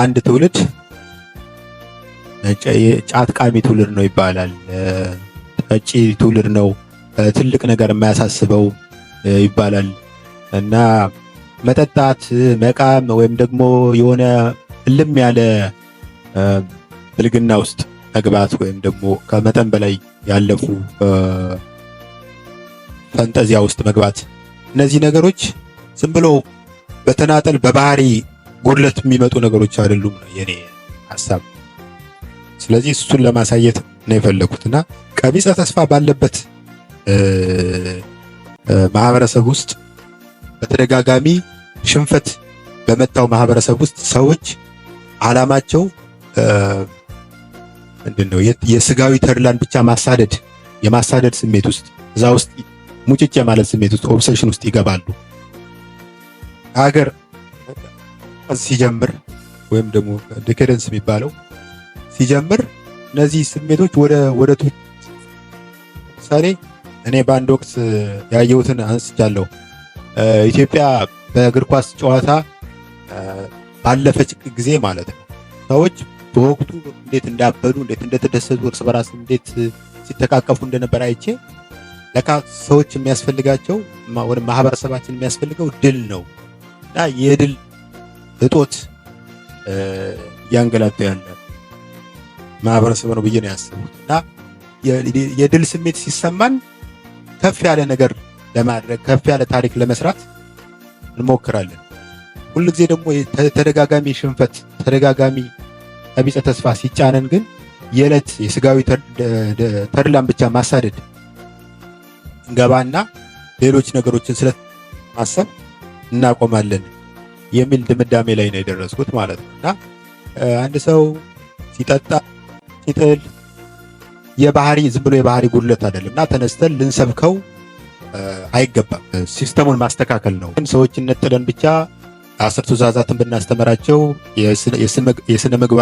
አንድ ትውልድ ጫት ቃሚ ትውልድ ነው ይባላል። ጠጪ ትውልድ ነው፣ ትልቅ ነገር የማያሳስበው ይባላል እና መጠጣት፣ መቃም ወይም ደግሞ የሆነ እልም ያለ ብልግና ውስጥ መግባት ወይም ደግሞ ከመጠን በላይ ያለፉ ፈንጠዚያ ውስጥ መግባት እነዚህ ነገሮች ዝም ብሎ በተናጠል በባህሪ ጉድለት የሚመጡ ነገሮች አይደሉም ነው የኔ ሀሳብ። ስለዚህ እሱን ለማሳየት ነው የፈለኩት እና ተስፋ ባለበት ማህበረሰብ ውስጥ በተደጋጋሚ ሽንፈት በመጣው ማህበረሰብ ውስጥ ሰዎች አላማቸው ምንድን ነው? የስጋዊ ተድላን ብቻ ማሳደድ የማሳደድ ስሜት ውስጥ እዛ ውስጥ ሙጭጭ ማለት ስሜት ውስጥ ኦብሴሽን ውስጥ ይገባሉ አገር ሲጀምር ወይም ደግሞ ዲኬደንስ የሚባለው ሲጀምር እነዚህ ስሜቶች ወደ ወደ ምሳሌ እኔ በአንድ ወቅት ያየሁትን አንስቻለሁ። ኢትዮጵያ በእግር ኳስ ጨዋታ ባለፈች ጊዜ ማለት ነው ሰዎች በወቅቱ እንዴት እንዳበዱ እንዴት እንደተደሰቱ እርስ በራስ እንዴት ሲተቃቀፉ እንደነበር አይቼ ለካ ሰዎች የሚያስፈልጋቸው ወደ ማህበረሰባችን የሚያስፈልገው ድል ነው እና የድል እጦት እያንገላታ ያለ ማህበረሰብ ነው ብዬ ነው ያስቡት እና የድል ስሜት ሲሰማን ከፍ ያለ ነገር ለማድረግ ከፍ ያለ ታሪክ ለመስራት እንሞክራለን። ሁልጊዜ ደግሞ ተደጋጋሚ ሽንፈት፣ ተደጋጋሚ ቢጸ ተስፋ ሲጫነን ግን የዕለት የስጋዊ ተድላን ብቻ ማሳደድ እንገባና ሌሎች ነገሮችን ስለማሰብ እናቆማለን። የሚል ድምዳሜ ላይ ነው የደረስኩት ማለት ነው። እና አንድ ሰው ሲጠጣ ሲጥል የባህሪ ዝም ብሎ የባህሪ ጉድለት አይደለም እና ተነስተን ልንሰብከው አይገባም። ሲስተሙን ማስተካከል ነው። ግን ሰዎች ነጥለን ብቻ አስር ትእዛዛትን ብናስተምራቸው የስነ ምግባር